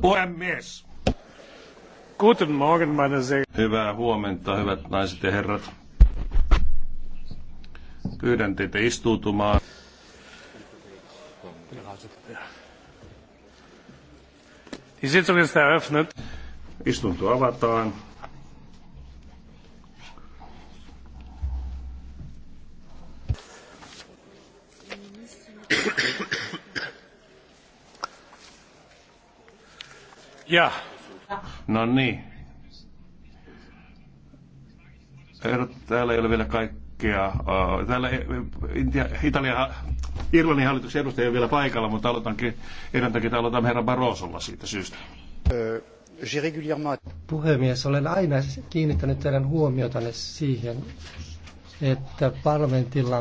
Puhemies. Hyvää huomenta, hyvät naiset ja herrat. Pyydän teitä istuutumaan. Istunto avataan. Ja. No niin. Täällä ei ole vielä kaikkea. Äh, täällä Intia, Italia, Irlannin hallituksen edustaja ei ole vielä paikalla, mutta aloitankin, erään takia aloitan herra Barrosolla siitä syystä. Äh, Puhemies, olen aina kiinnittänyt teidän huomiotanne siihen, että parlamentilla